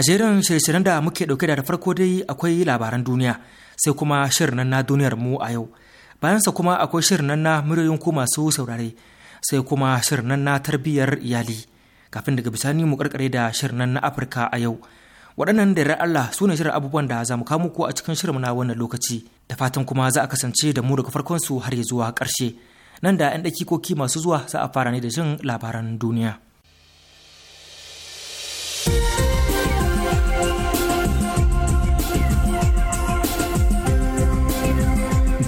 A jerin shirye-shiryen da muke ɗauke da farko dai akwai labaran duniya sai kuma shirin na duniyar mu a yau. Bayansa kuma akwai shirin na muryoyin ku masu saurare sai kuma shirin na tarbiyyar iyali. Kafin daga bisani mu karkare da shirin na Afirka a yau. Waɗannan da Allah su ne shirin abubuwan da za mu kawo muku a cikin shirin na wannan lokaci. Da fatan kuma za a kasance da mu daga farkon su har ya zuwa ƙarshe. Nan da 'yan koki masu zuwa za a fara ne da jin labaran duniya.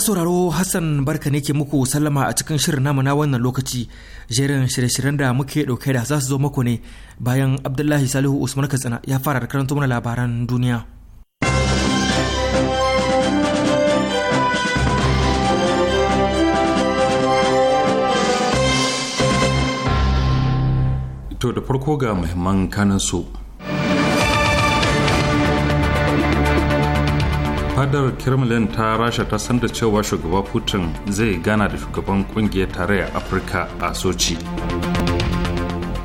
sauraro Hassan barka ne ke muku sallama a cikin shirin namu na wannan lokaci jerin shirye-shiryen da muke ɗauke da za su zo muku ne bayan Abdullahi Salihu Usman Katsina ya fara da karanta mana labaran duniya. To da farko ga muhimman kanin su. fadar kremlin ta rasha ta sanda cewa shugaba putin zai gana da shugaban kungiyar tarayyar afirka a sochi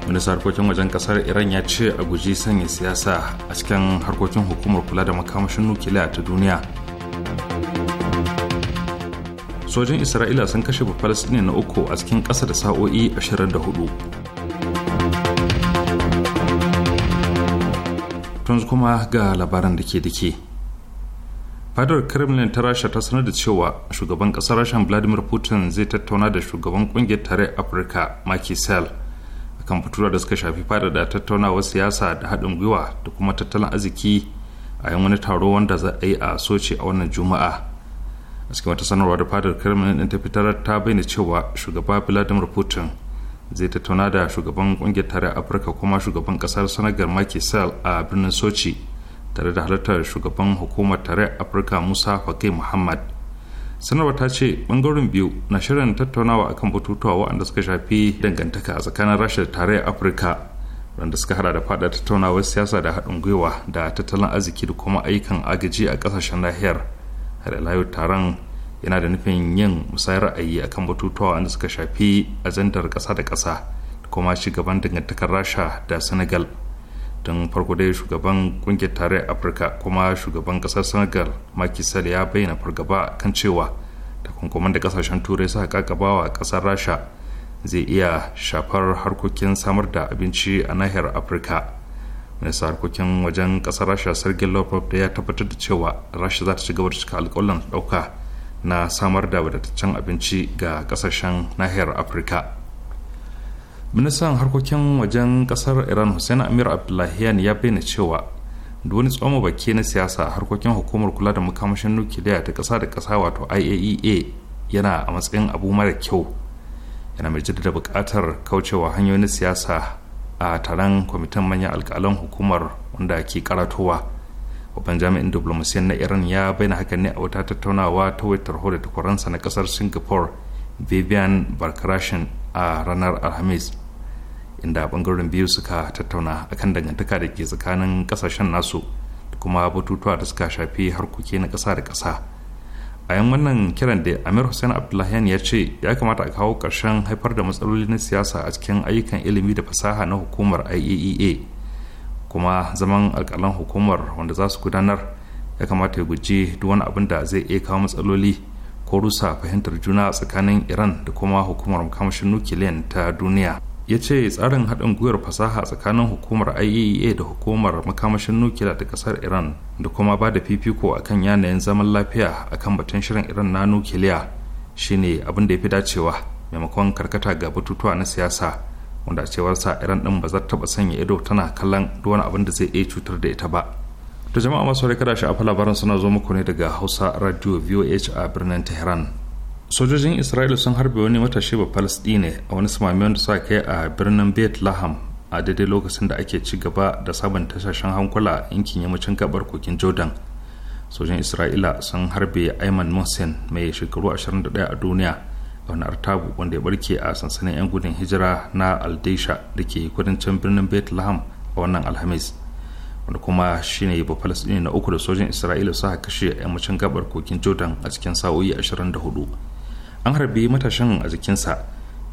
ministan harkokin wajen kasar iran ya ce a guji sanya siyasa a cikin harkokin hukumar kula da makamashin nukiliya ta duniya sojin isra'ila sun kashe bafalistini na uku a cikin ƙasa da sa'o'i 24 tunzu kuma ga labaran da ke dake fadar kremlin ta rasha ta sanar da cewa shugaban kasar rasha vladimir putin zai tattauna da shugaban kungiyar tare afirka maki a akan fitura da suka shafi fadar da tattaunawar siyasa da haɗin gwiwa da kuma tattalin arziki a yan wani taro wanda za a yi a soce a wannan juma'a a cikin wata sanarwa da fadar kremlin din ta fitar ta bayyana cewa shugaba vladimir putin zai tattauna da shugaban kungiyar tare afirka kuma shugaban kasar sanagar maki a birnin sochi tare da halartar shugaban hukumar tare afirka musa fakai muhammad sanarwa ta ce bangaren biyu na shirin tattaunawa akan batutuwa waɗanda suka shafi dangantaka a tsakanin rasha da tare afirka wanda suka hada da fada tattaunawar siyasa da haɗin gwiwa da tattalin arziki da kuma ayyukan agaji a ƙasashen nahiyar har layu taron yana da nufin yin musayar ra'ayi akan batutuwa wanda suka shafi ajandar ƙasa da ƙasa da kuma shugaban dangantakar rasha da senegal tun farko dai shugaban kungiyar tarayyar afirka kuma shugaban kasar senegal Macky Sall ya bayyana fargaba kan cewa takunkuman da kasashen turai suka wa kasar rasha zai iya shafar harkokin samar da abinci a nahiyar afirka minista harkokin wajen kasar rasha sergei lavrov da ya tabbatar da cewa rasha za ta ci gaba da cika alkawalan dauka na samar da wadataccen abinci ga kasashen nahiyar afirka ministan harkokin wajen kasar iran hussein amir abdullahian ya bayyana cewa da wani tsoma baki na siyasa harkokin hukumar kula da makamashin nukiliya ta kasa da kasa wato iaea e yana a matsayin abu mara kyau yana mai jaddada buƙatar kaucewa hanyoyin siyasa a taron kwamitin manyan alkalan hukumar wanda ke karatowa babban jami'in diplomasiyyar na iran ya bayyana hakan ne a wata tattaunawa ta waitar da takwaransa na kasar singapore vivian barkarashin a ranar alhamis inda bangaren biyu suka tattauna akan dangantaka da ke tsakanin kasashen nasu da kuma batutuwa da suka shafi harkoki na ƙasa da ƙasa a yan wannan kiran da amir hussein abdullahian ya ce ya kamata a kawo ƙarshen haifar da matsaloli na siyasa a cikin ayyukan ilimi da fasaha na hukumar iaea e kuma zaman alƙalan hukumar wanda za su gudanar ya kamata ya guji duk wani abin da zai iya kawo matsaloli ko rusa fahimtar juna tsakanin iran da kuma hukumar makamashin nukiliyan ta duniya ya ce tsarin haɗin gwiwar fasaha tsakanin hukumar iaea e da hukumar makamashin nukiliya da ƙasar iran da kuma ba da fifiko akan yanayin zaman lafiya akan batun shirin iran na nukiliya shine abin da ya fi dacewa maimakon karkata ga batutuwa na siyasa wanda a cewarsa iran ɗin ba za ta taɓa sanya ido tana kallon duk wani abin da zai iya cutar da ita ba to jama'a masu kada shi afa labaran suna zo muku ne daga hausa radio voh a birnin tehran sojojin isra'ila sun harbe wani matashi ba palestine a wani samamiyar da suka kai a birnin laham a daidai lokacin da ake ci gaba da sabon tashashen hankula yankin yammacin gabar kokin jordan sojojin isra'ila sun harbe ayman mohsen mai shekaru 21 a duniya a wani artabu wanda ya barke a sansanin 'yan gudun hijira na aldeisha da ke kudancin birnin laham a wannan alhamis wanda kuma shine ba palestine na uku da sojin isra'ila suka kashe yammacin gabar kokin jordan a cikin sa'o'i 24 an harbi matashin a jikinsa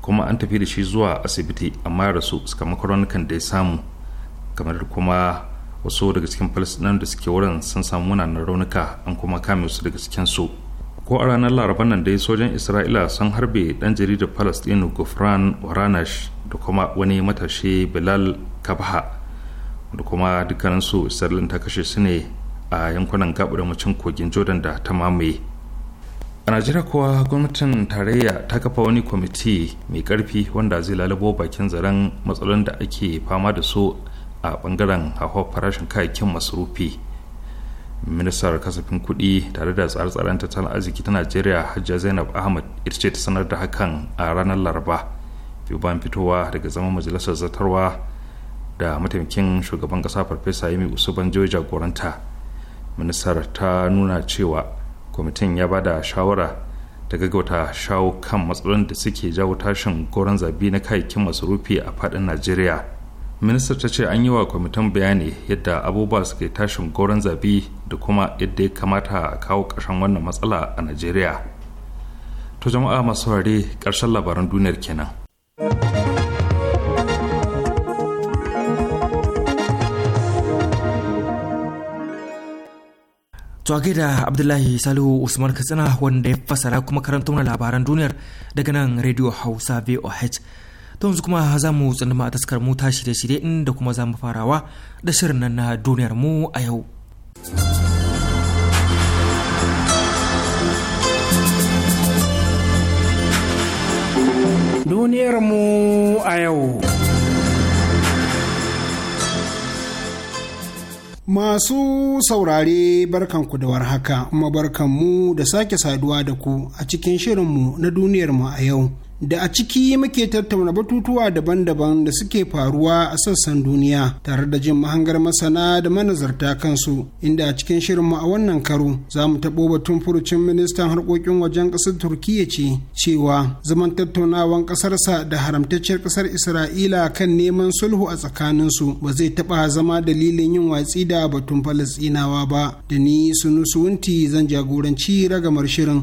kuma an tafi da shi zuwa asibiti amma rasu suka makaronikan da ya samu kamar kuma wasu daga cikin falasinan da suke wurin sun samu munanan raunuka an kuma kame su daga cikin su ko a ranar laraban nan dai sojan isra'ila sun harbe dan jaridar palestine gufran waranash da kuma wani matashi bilal kabha da kuma dukkaninsu isra'ilin ta kashe su ne a yankunan gabar kogin jordan da ta mamaye a najeriya kuwa gwamnatin tarayya ta kafa wani kwamiti mai karfi wanda zai lalabo bakin zaren matsalolin da ake fama da su a bangaren hauhawar farashin kayayyakin masarufi ministar kasafin kudi tare da tsare-tsaren tattalin arziki ta najeriya hajjia zainab ahmad ita ce ta sanar da hakan a ranar laraba fi bayan fitowa daga zaman majalisar zartarwa da mataimakin shugaban kasa farfesa yami usuban jagoranta ministar ta nuna cewa kwamitin ya ba da shawara da gaggauta shawo kan matsalolin da suke jawo tashin goron zabi na kayayyakin masarufi a fadin najeriya minista ta ce an yi wa kwamitin bayani yadda abubuwa suke tashin goron zabi da kuma yadda ya kamata a kawo ƙarshen wannan matsala a najeriya to jama'a masu ware ƙarshen labaran duniyar kenan. To da Abdullahi Salihu Usman Katsina wanda ya fasara kuma karanta mana labaran duniyar daga nan Radio Hausa VOH. To yanzu kuma za mu tsinima a taskar mu ta shirye-shirye inda kuma za mu farawa da shirin nan na duniyar mu a yau. Duniyar mu a yau. Masu saurare barkanku da warhaka, kuma mu da sake saduwa da ku a cikin shirinmu na duniyarmu a yau. da a ciki muke tattauna batutuwa daban-daban da suke faruwa a sassan duniya tare da jin mahangar masana da manazarta kansu inda a cikin shirinmu a wannan karo za mu taɓo batun furucin ministan harkokin wajen ƙasar turkiyya ce cewa zaman tattaunawan ƙasarsa da haramtacciyar ƙasar isra'ila kan neman sulhu a tsakaninsu ba zai taɓa zama dalilin yin watsi da batun falasɗinawa ba da ni wunti zan jagoranci ragamar shirin.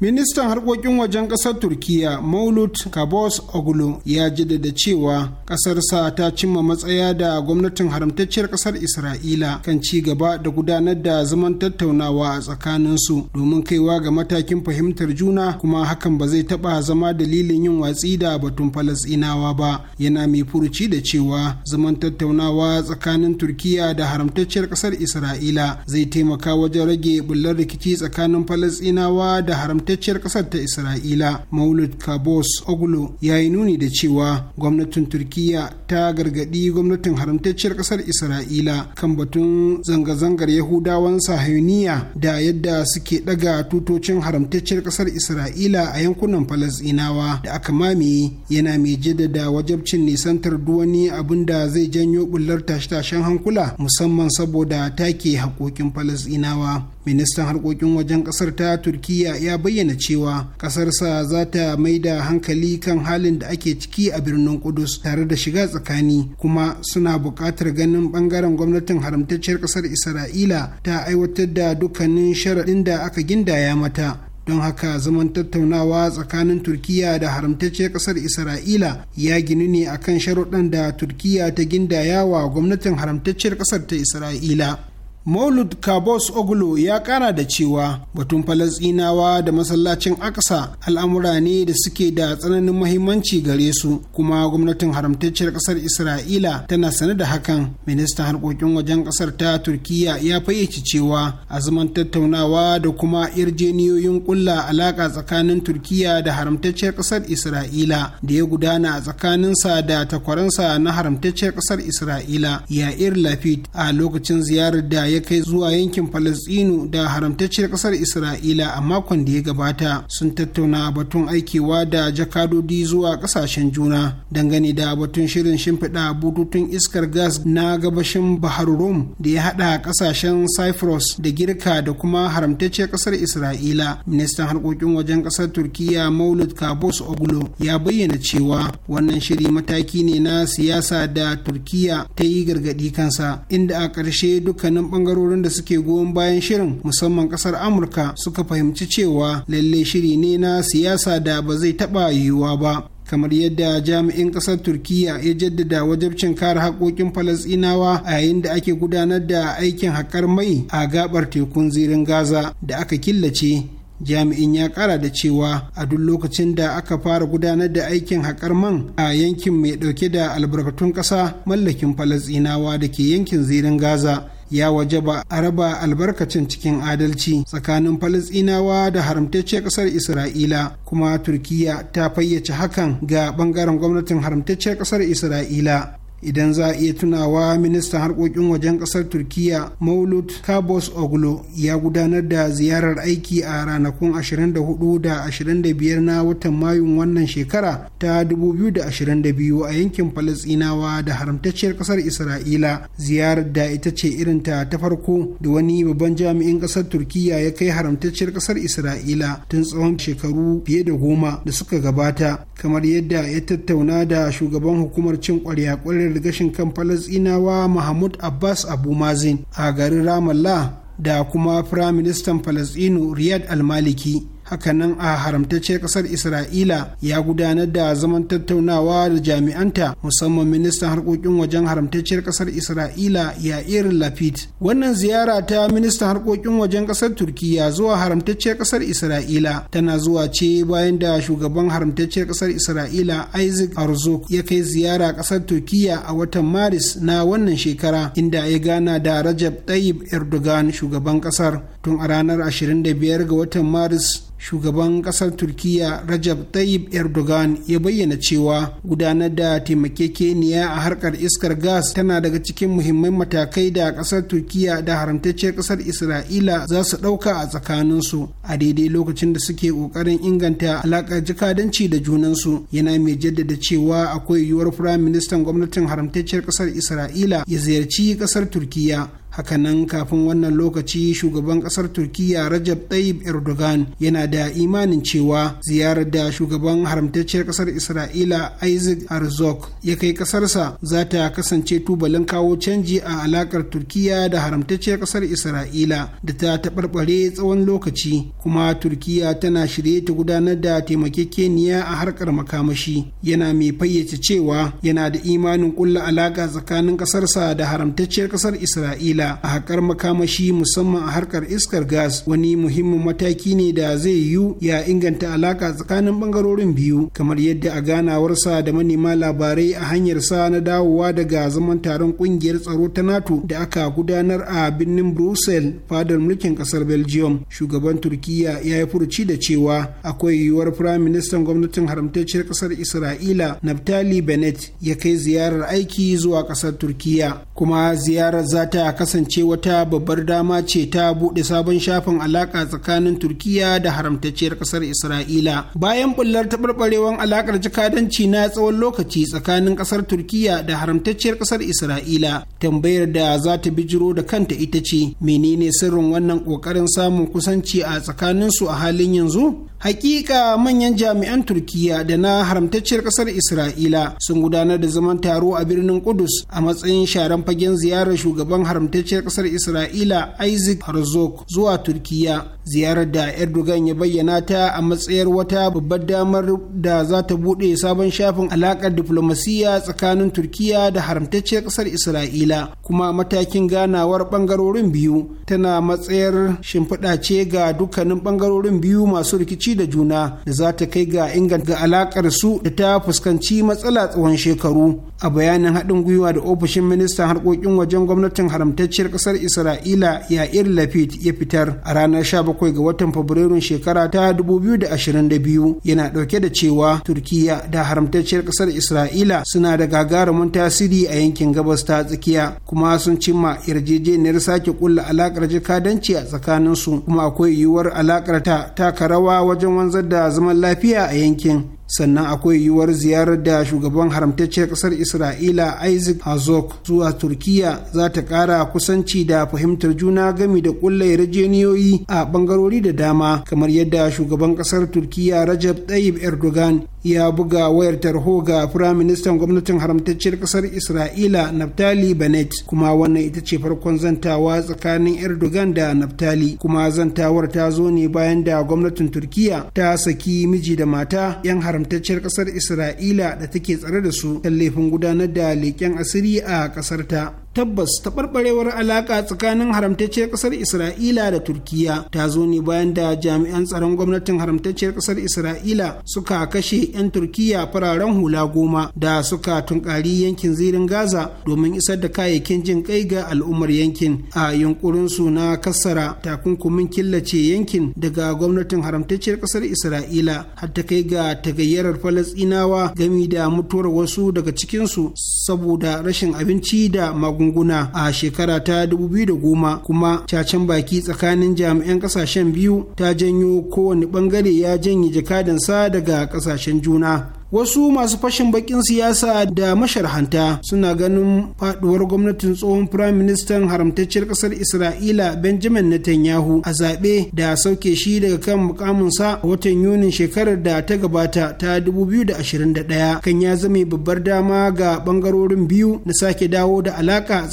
ministan harkokin wajen kasar turkiya maulut kabos oglu ya jaddada cewa ƙasarsa ta cimma matsaya da gwamnatin haramtacciyar kasar isra'ila kan ci gaba da gudanar da zaman tattaunawa a tsakaninsu domin kaiwa ga matakin fahimtar juna kuma hakan ba zai taɓa zama dalilin yin watsi da batun falasɗinawa ba yana mai furuci da cewa zaman tattaunawa tsakanin turkiya da haramtacciyar kasar isra'ila zai taimaka wajen rage bullar rikici tsakanin falasɗinawa da haramtacciyar haramtacciyar ƙasar ta isra'ila maulud kabos oglo ya yi nuni da cewa gwamnatin turkiya ta gargaɗi gwamnatin haramtacciyar ƙasar isra'ila kan batun zanga-zangar yahudawan sahayuniya da yadda suke ɗaga tutocin haramtacciyar ƙasar isra'ila a yankunan falasɗinawa da aka mamaye yana mai jaddada wajabcin nisantar duwani abin da zai janyo bullar tashe-tashen hankula musamman saboda take haƙoƙin falasɗinawa ministan harkokin wajen ƙasar ta turkiya ya bayyana bayyana cewa ƙasarsa za ta mai da hankali kan halin da ake ciki a birnin Kudus tare da shiga tsakani kuma suna buƙatar ganin ɓangaren gwamnatin haramtacciyar ƙasar Isra'ila ta aiwatar da dukkanin sharaɗin da aka gindaya mata don haka zaman tattaunawa tsakanin turkiya da haramtacciyar ƙasar isra'ila ya ginu ne akan sharuɗan da turkiya ta gindaya wa gwamnatin haramtacciyar ƙasar ta isra'ila Maulud Kabos ogulo ya kara da cewa batun Falasɗinawa da masallacin Aksa al'amura ne da suke da tsananin mahimmanci gare su kuma gwamnatin haramtacciyar ƙasar Isra'ila tana sane da hakan. Ministan harkokin wajen ƙasar ta Turkiyya ya fayyace cewa azuman tattaunawa da kuma yarjeniyoyin ƙulla alaƙa tsakanin Turkiyya da haramtacciyar ƙasar Isra'ila da ya gudana a tsakaninsa da takwaransa na haramtacciyar ƙasar Isra'ila Yair Lafit a lokacin ziyarar da ya kai zuwa yankin Falasɗinu da haramtacciyar kasar Isra'ila a makon da ya gabata sun tattauna batun aikewa da jakadodi zuwa kasashen juna dangane da batun shirin shimfiɗa bututun iskar gas na gabashin Bahar Rum da ya haɗa ƙasashen Cyprus da Girka da kuma haramtacciyar kasar Isra'ila. Ministan harkokin wajen ƙasar turkiya Maulud Kabus oglo ya bayyana cewa wannan shiri mataki ne na siyasa da Turkiyya ta yi gargaɗi kansa inda a ƙarshe dukkanin bangarorin da suke goyon bayan shirin musamman kasar amurka suka fahimci cewa lalle shiri ne na siyasa da ba zai taba yiwuwa ba kamar yadda jami'in kasar turkiya ya jaddada wajabcin kare haƙoƙin falasɗinawa a yayin da ake gudanar da aikin haƙar mai a gabar tekun zirin gaza da aka killace jami'in ya ƙara da cewa a duk lokacin da aka fara gudanar da aikin haƙar man a yankin mai ɗauke da albarkatun ƙasa mallakin falasɗinawa da ke yankin zirin gaza ya wajaba a raba albarkacin cikin adalci tsakanin falasɗinawa da haramtacciyar kasar isra'ila kuma turkiya ta fayyace hakan ga ɓangaren gwamnatin haramtacciyar kasar isra'ila idan za a iya tunawa ministan harkokin wajen kasar turkiya maulud kabos oglo ya gudanar da ziyarar aiki a ranakun 24 da 25 na watan mayun wannan shekara ta 2022 a yankin falasinawa da haramtacciyar kasar isra'ila ziyarar da ita ce irin ta ta farko da wani babban jami'in kasar turkiya ya kai haramtacciyar kasar isra'ila tun tsawon shekaru fiye da goma da suka gabata kamar yadda ya tattauna da shugaban hukumar cin kwarya da gashin kan falasinawa mahmud abbas abu mazin a garin ramallah da kuma firaministan falasinu riyad almaliki hakanan a haramtacciyar kasar isra'ila ya gudanar da zaman tattaunawa da jami'anta musamman ministan harkokin wajen haramtacciyar kasar isra'ila ya irin lapid wannan ziyara ta ministan harkokin wajen kasar turkiya zuwa haramtacciyar kasar isra'ila tana zuwa ce bayan da shugaban haramtacciyar kasar isra'ila isaac arzok ya kai ziyara kasar turkiya a watan maris na wannan shekara inda ya gana da rajab tayyib erdogan shugaban kasar tun a ranar 25 ga watan maris shugaban kasar turkiya rajab tayyip erdogan ya bayyana cewa gudanar da taimakekeniya a harkar iskar gas tana daga cikin muhimman matakai da kasar turkiya da haramtacciyar kasar isra'ila za su dauka a tsakaninsu a daidai lokacin da suke kokarin inganta alaƙar jikadanci da junansu yana mai jaddada cewa akwai yiwuwar firaministan gwamnatin haramtacciyar kasar isra'ila ya ziyarci kasar turkiya hakanan kafin wannan lokaci shugaban kasar turkiya rajab tayyip erdogan yana da imanin cewa ziyarar da shugaban haramtacciyar kasar isra'ila isaac arzok ya kai kasarsa za ta kasance tubalin kawo canji a alakar turkiya da haramtacciyar kasar isra'ila da ta taɓarɓare tsawon lokaci kuma turkiya tana shirye ta gudanar da taimakekeniya a harkar makamashi yana mai fayyace cewa yana da imanin kulla alaka tsakanin kasarsa da haramtacciyar kasar isra'ila isra'ila a haƙar makamashi musamman a harkar iskar gas wani muhimmin mataki ne da zai yiwu ya inganta alaƙa tsakanin ɓangarorin biyu kamar yadda a ganawarsa da manema labarai a hanyar sa na dawowa daga zaman taron ƙungiyar tsaro ta nato da aka gudanar a birnin brussel fadar mulkin ƙasar belgium shugaban turkiya ya yi furuci da cewa akwai yiwuwar firaministan gwamnatin haramtacciyar ƙasar isra'ila naftali bennett ya kai ziyarar aiki zuwa ƙasar turkiya kuma ziyarar za ta kasance wata babbar dama ce ta buɗe sabon shafin alaƙa tsakanin turkiya da haramtacciyar ƙasar isra'ila bayan bullar taɓarɓarewar alaƙar jakadanci na tsawon lokaci tsakanin ƙasar turkiya da haramtacciyar ƙasar isra'ila tambayar da za ta bijiro da kanta ita ce menene sirrin wannan ƙoƙarin samun kusanci a tsakaninsu a halin yanzu hakika manyan jami'an turkiyya da na haramtacciyar ƙasar isra'ila sun gudanar da zaman taro a birnin kudus a matsayin sharan fagen ziyarar shugaban haramtacciyar haramtacciyar kasar isra'ila isaac herzog zuwa turkiya ziyarar da erdogan ya bayyana ta a matsayar wata babbar damar da za ta buɗe sabon shafin alaƙar diflomasiyya tsakanin turkiya da haramtacciyar kasar isra'ila kuma matakin ganawar ɓangarorin biyu tana matsayar shimfiɗa ce ga dukkanin ɓangarorin biyu masu rikici da juna da za ta kai ga inganta alaƙar su da ta fuskanci matsala tsawon shekaru a bayanin haɗin gwiwa da ofishin ministan harkokin wajen gwamnatin haramtacciyar haramtacciyar kasar isra'ila yair lafit ya fitar a ranar 17 ga watan fabrairun shekara ta 2022 yana dauke da cewa turkiya da haramtacciyar kasar isra'ila suna da gagarumin tasiri a yankin gabas ta tsakiya kuma sun cimma yarjejeniyar sake kulla alakar jikadanci a tsakaninsu kuma akwai yiwuwar alakar ta taka rawa wajen wanzar da zaman lafiya a yankin sannan akwai yiwuwar ziyarar da shugaban haramtacciyar ƙasar isra'ila isaac hazok zuwa turkiya za ta ƙara kusanci da fahimtar juna gami da ƙulla yarjejeniyoyi a ɓangarori da dama kamar yadda shugaban ƙasar turkiya rajab tayyib erdogan ya buga wayar tarho ga firaministan gwamnatin haramtacciyar kasar isra'ila naftali bennett kuma wannan ita ce farkon zantawa tsakanin erdogan da naftali kuma zantawar ta zo ne bayan da gwamnatin turkiya ta saki miji da mata yan haramtacciyar kasar isra'ila da take tsare da su kan laifin gudanar da leƙen asiri a kasar ta tabbas taɓarɓarewar alaƙa tsakanin haramtacciyar ƙasar isra'ila da turkiya ta zo ne bayan da jami'an tsaron gwamnatin haramtacciyar ƙasar isra'ila suka kashe 'yan turkiya fararen hula goma da suka tunkari yankin zirin gaza domin isar da kayayyakin jin kai ga al'ummar yankin a yunkurin su na kassara takunkumin killace yankin daga gwamnatin haramtacciyar ƙasar isra'ila har ta kai ga tagayyarar falasɗinawa gami da mutuwar wasu daga cikinsu saboda rashin abinci da magu magunguna a shekara ta 2010 kuma cacen baki tsakanin jami'an kasashen biyu ta janyo kowane bangare ya janye jakadansa daga kasashen juna wasu masu fashin bakin siyasa da masharhanta suna ganin faduwar gwamnatin tsohon firayim ministan haramtacciyar kasar isra'ila benjamin netanyahu a zaɓe da sauke shi daga kan mukaminsa watan yunin shekarar da ta gabata ta 2021 kan ya zame babbar dama ga bangarorin biyu na sake dawo da alaka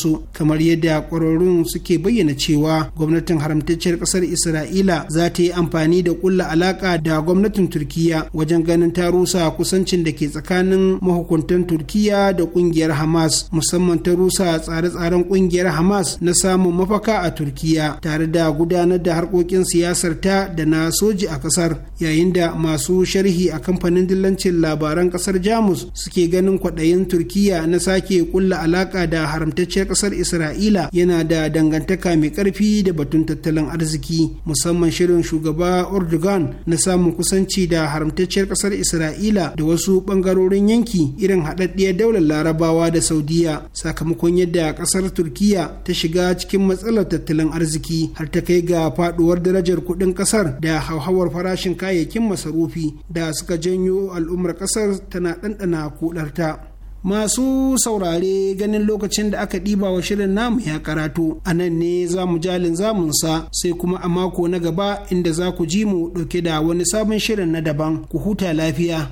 su kamar yadda kwararrun suke bayyana cewa gwamnatin haramtacciyar kasar isra'ila za ta yi amfani da kulla alaka da gwamnatin turkiya wajen ganin ta rusa rusa kusancin da ke tsakanin mahukuntan turkiya da kungiyar hamas musamman ta rusa tsare-tsaren kungiyar hamas na samun mafaka a turkiya tare da gudanar da harkokin siyasar ta da na soji a kasar yayin da masu sharhi a kamfanin dillancin labaran kasar jamus suke ganin kwaɗayin turkiya na sake kulla alaka da haramtacciyar kasar isra'ila yana da dangantaka mai ƙarfi da batun tattalin arziki musamman shirin shugaba erdogan na samun kusanci da haramtacciyar kasar isra'ila isra'ila da wasu bangarorin yanki irin haɗaɗɗiyar daular larabawa da saudiya sakamakon yadda ƙasar turkiya ta shiga cikin matsalar tattalin arziki har ta kai ga faɗuwar darajar kuɗin ƙasar da hauhawar farashin kayayyakin masarufi da suka janyo al'ummar ƙasar tana ɗanɗana kuɗarta. Masu saurare ganin lokacin da aka ɗiba wa shirin namu ya karatu a nan ne za mu jalin zamunsa sai kuma a mako na gaba inda za ku ji mu ɗauke da wani sabon shirin na daban ku huta lafiya.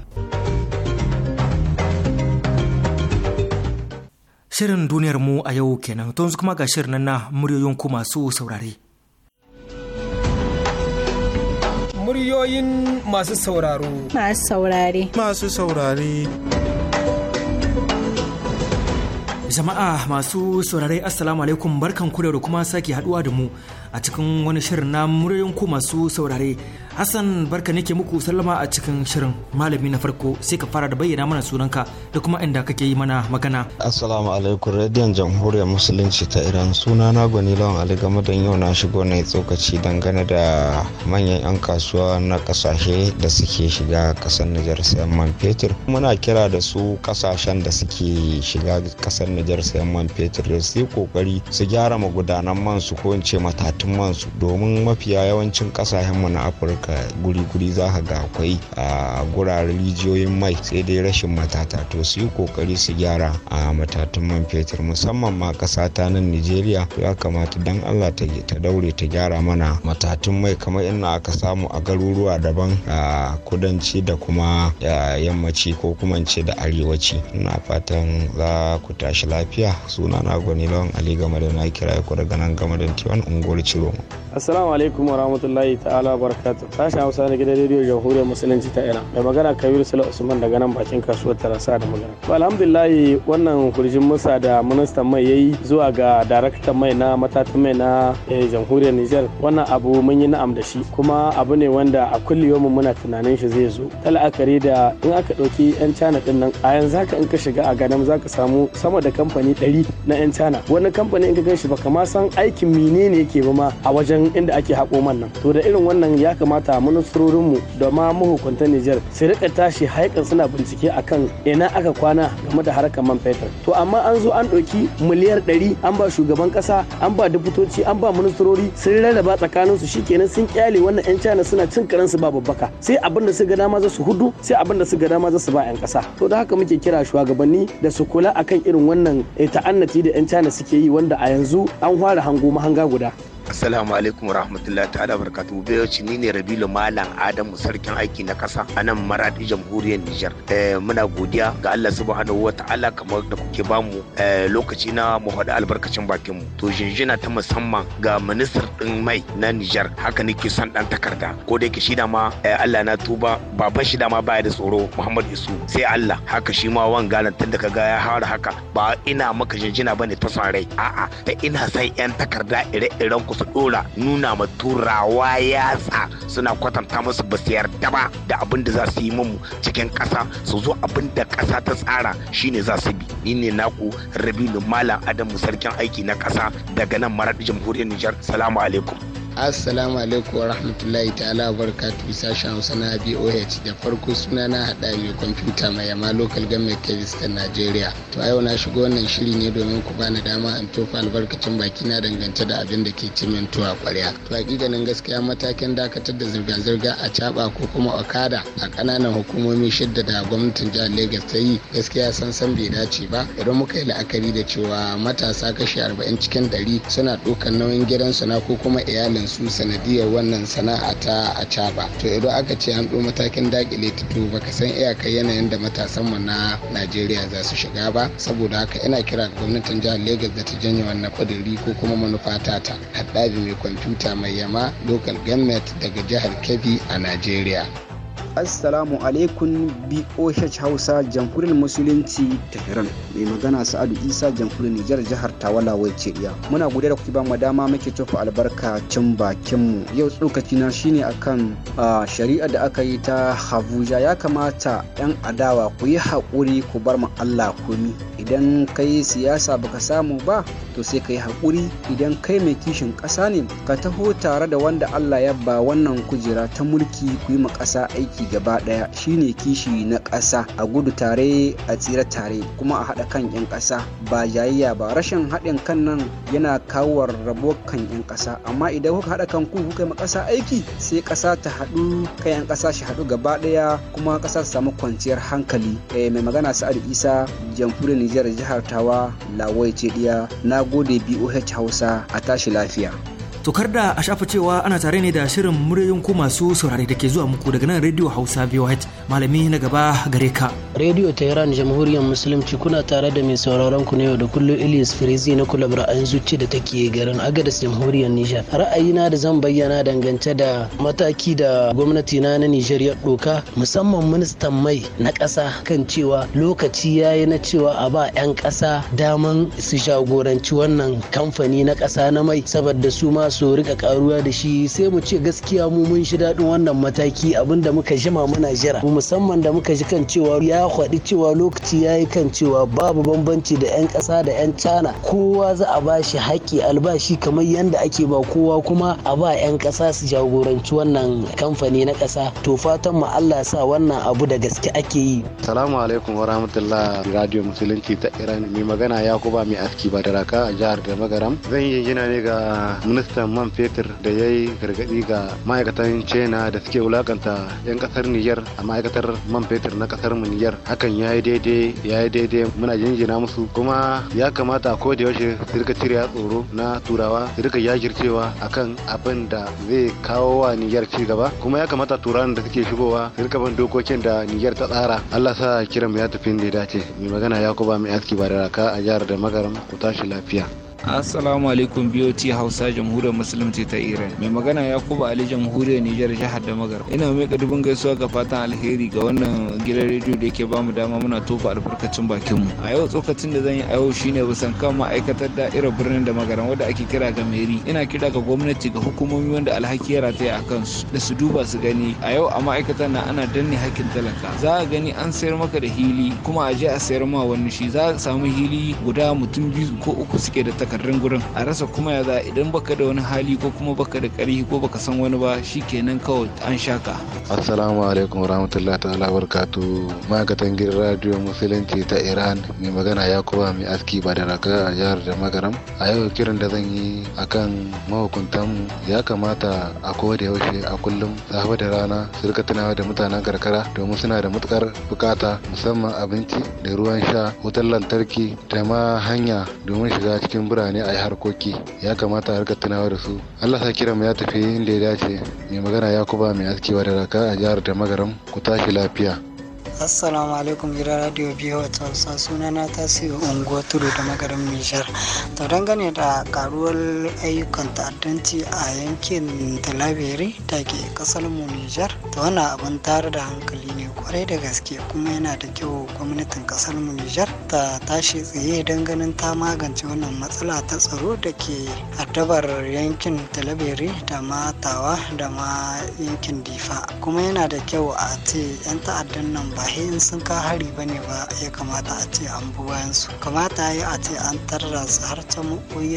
Shirin duniyar mu a yau kenan to kuma ga shirin na muryoyin ku masu saurare. Muryoyin masu sauraro. Masu saurare. Masu saurare. Jama'a masu saurare Assalamu alaikum barkan kure da kuma sake haduwa da mu a cikin wani shirin na muryoyin masu saurare Hassan barka nake muku sallama a cikin shirin malami na farko sai ka fara da bayyana mana sunanka da kuma inda kake yi mana magana. Assalamu alaikum radiyon jamhuriyar musulunci ta Iran suna na gwani lawan Ali game da yau na shigo na tsokaci dangane da manyan 'yan kasuwa na kasashe da suke shiga kasar Nijar sayan man fetur. Muna kira da su kasashen da suke shiga kasar Nijar sayan man fetur da su yi kokari su gyara magudanan man su ko in ce matatun man su domin mafiya yawancin kasashen mu na Afirka haka guri-guri za ka ga akwai a guraren rijiyoyin mai sai dai rashin matata to su yi kokari su gyara a matatun man fetur musamman ma ƙasa ta nan Nijeriya ya kamata dan Allah ta daure ta gyara mana matatun mai kamar inda aka samu a garuruwa daban a kudanci da kuma yammaci ko kuma ce da arewaci ina fatan za ku tashi lafiya suna na gwani lawan ali game da na kira ku daga nan game da tiwon unguwar ciro assalamu alaikum warahmatullahi ta'ala barakatuh sashen hausa na gidan rediyo jamhuriyar musulunci ta iran mai magana kabir sula usman daga nan bakin kasuwar tarasa da magana to alhamdulillahi wannan kurjin musa da ministan mai yayi zuwa ga daraktan mai na matatan mai na eh, jamhuriyar nijar wannan abu mun yi na'am da shi kuma abu ne wanda a kulliyomin muna tunanin shi zai zo ta la'akari da in aka ɗauki yan cana ɗin nan a yanzu haka in ka shiga a ganam za ka samu sama da kamfani ɗari na yan cana wani kamfani in ka gan shi baka ma san aikin menene yake ba ma a wajen inda ake haƙo man nan to da irin wannan ya kamata ta ministrorinmu da ma mahukuntan Nijar su rika tashi haikan suna bincike akan ina aka kwana game da harkar man fetur. To amma an zo an ɗauki miliyar ɗari an ba shugaban ƙasa an ba dubutoci an ba ministrori sun rarraba tsakanin su shikenan sun kyale wannan 'yan China suna cin karansu ba babbaka sai abin da su ga dama za su hudu sai abin da su ga dama za su ba 'yan ƙasa. To da haka muke kira shugabanni da su kula akan irin wannan eh, ta'annati da 'yan China suke yi wanda a yanzu an fara hango mahanga guda. Assalamu alaikum warahmatullahi ta'ala barkatu bayoci ni ne Rabilu Malam Adamu sarkin aiki na kasa a nan Maradi jamhuriyar Nijar. Eh, muna godiya ga Allah subhanahu wa ta'ala kamar da kuke bamu eh, lokaci na mu faɗi albarkacin bakin mu. To jinjina ta musamman ga ministar din mai na Nijar haka nake son dan takarda ko da yake shi da ma eh, Allah na tuba baban shi da ma baya da tsoro Muhammad Isu sai Allah haka shi ma wan galan tun da kaga ya hara haka ba ina maka jinjina bane ta son rai a'a ta ina san yan takarda ire-iren ku su dora nuna ma turawa yatsa suna kwatanta musu ba su yarda ba da abin da za su yi mamu cikin ƙasa su zo abin da ƙasa ta tsara shine za su bi ni ne naku rabilu malam adamu sarkin aiki na ƙasa daga nan maraɗi jamhuriyar nijar salamu alaikum assalamu alaikum wa rahmatullahi ta'ala barkatu sashen hausa na boh da farko suna na hada mai kwamfuta mai yamma local government kebistan nigeria to yau na shigo wannan shiri ne domin ku bani dama in tofa albarkacin baki na dangance da abin da ke cimin tuwa kwarya to ganin gaskiya matakin dakatar da zirga-zirga a caba ko kuma okada a kananan hukumomi shidda da gwamnatin jihar lagos ta yi gaskiya san san bai dace ba idan muka yi la'akari da cewa matasa kashi arba'in cikin ɗari suna ɗaukar nauyin gidansu na ko kuma iyalin su sanadiyar wannan sana'a ta a caba to idan aka ce an matakin dakile ta to baka san iyakar yanayin da matasan mu na najeriya za su shiga ba saboda haka ina kira ga gwamnatin jihar lagos da ta janye wannan kuduri ko kuma manufa ta ta mai kwamfuta mai yama local government daga jihar kebbi a najeriya assalamu alaikum boh hausa jamhuriyar musulunci tehran mai magana sa'adu isa jamhuriyar nijar jihar tawala waiceriya muna gode da kuke ba mu dama muke tofa albarkacin bakin mu yau tsokaci na shine akan shari'a da aka yi ta habuja ya kamata yan adawa ku yi haƙuri ku bar mu allah komi idan kai siyasa baka samu ba to sai ka yi haƙuri idan kai mai kishin ƙasa ne ka taho tare da wanda allah ya ba wannan kujera ta mulki ku yi ma ƙasa aiki kishi gaba ɗaya shine kishi na ƙasa a gudu tare a tsira tare kuma a haɗa kan 'yan ƙasa ba jayayya ba rashin haɗin kan nan yana kawo rabo kan 'yan ƙasa amma idan kuka haɗa kan ku kuka ma ƙasa aiki sai ƙasa ta haɗu kan 'yan ƙasa shi haɗu gaba ɗaya kuma ƙasa ta samu kwanciyar hankali eh, mai magana sa'adu isa jamhuriyar nijar jihar tawa lawai ce ɗiya na gode boh hausa a tashi lafiya. To da a shafa cewa ana tare ne da shirin muryoyin ku masu saurare da ke zuwa muku daga nan Radio Hausa VOH malami na gaba gare ka. Radio ta Jamhuriyar Musulunci kuna tare da mai sauraron ku ne yau da kullum Ilyas Firizi na kulabar ra'ayin zuci da take garin Agadas Jamhuriyar Nijar. Ra'ayina da zan bayyana dangance da mataki da gwamnati na na Nijar ya doka musamman ministan mai na ƙasa kan cewa lokaci yayi na cewa a ba 'yan ƙasa daman su jagoranci wannan kamfani na ƙasa na mai saboda su ma so rika karuwa da shi sai mu ce gaskiya mu mun shi daɗin wannan mataki abinda muka jima muna jira musamman da muka ji kan cewa ya faɗi cewa lokaci ya yi kan cewa babu bambanci da 'yan ƙasa da 'yan cana kowa za a ba shi haƙƙi albashi kamar yadda ake ba kowa kuma a ba 'yan ƙasa su jagoranci wannan kamfani na ƙasa to fatan mu Allah sa wannan abu da gaske ake yi salamu alaikum wa rahmatullah radio musulunci ta iran mai magana yakuba mai aski ba badaraka a jihar da zan yi gina ne ga ministan ministan man fetur da ya yi gargaɗi ga ma'aikatan china da suke wulakanta 'yan ƙasar niger a ma'aikatar man fetur na ƙasar mu niger hakan ya yi daidai ya yi daidai muna jinjina musu kuma ya kamata a koda yaushe su rika cire tsoro na turawa su rika yajircewa akan abin da zai kawo wa niger ci gaba kuma ya kamata turawan da suke shigowa su rika bin dokokin da niger ta tsara allah sa kiran mu ya tafi da ya dace mai magana ya kuba mai aski ba da raka a jihar da magaram ku tashi lafiya assalamu alaikum biyoti hausa jamhuriyar musulunci ta iran mai magana ya kuba ali jamhuriyar nijar jihar Damagar? ina mai kadubin gaisuwa ga fatan alheri ga wannan gidan rediyo da yake bamu dama muna tofa albarkacin bakin mu a yau tsokacin da zan yi a yau shine busan kan ma'aikatar da'irar birnin da magaran wadda ake kira ga meri ina kira ga gwamnati ga hukumomi wanda alhaki ya rataya a kansu da su duba su gani a yau a ma'aikatar na ana danne hakkin talaka za a gani an sayar maka da hili kuma a je a sayar ma wani shi za a samu hili guda mutum biyu ko uku suke da takarda takarrun gurin a rasa kuma ya za idan baka da wani hali ko kuma baka da ƙarfi ko baka san wani ba shi shikenan kawai an shaka assalamu alaikum warahmatullahi ta'ala barkatu ma'aikatan gidan radio musulunci ta iran mai magana ya kuma mai aski ba da raka a jihar da magaram a yau kiran da zan yi akan mahukuntan ya kamata a koda yaushe a kullum safe da rana su rika tunawa da mutanen karkara domin suna da matukar bukata musamman abinci da ruwan sha wutar lantarki da ma hanya domin shiga cikin birane mutane a yi harkoki ya kamata a rika tunawa da su allah sa kiran ya tafi inda ya dace mai magana ya kuba mai askewa da raka a jihar da magaram ku tashi lafiya assalamu alaikum gidan radio biyu a tausa suna na tasiri unguwa turu da magarin nijar ta dangane da karuwar ayyukan ta'addanci a yankin talabiri da ke kasar mu nijar ta wani abin tare da hankali ne kwarai da gaske kuma yana da kyau gwamnatin kasar mu nijar ta tashi tsaye don ganin ta magance wannan matsala ta tsaro da ke addabar yankin talabiri da ma tawa da ma yankin difa kuma yana da kyau a ce 'yan ta'addan nan ba ba in sun ka hari ba ne ba ya kamata a ce an bi bayansu kamata ya a ce an tarra su har can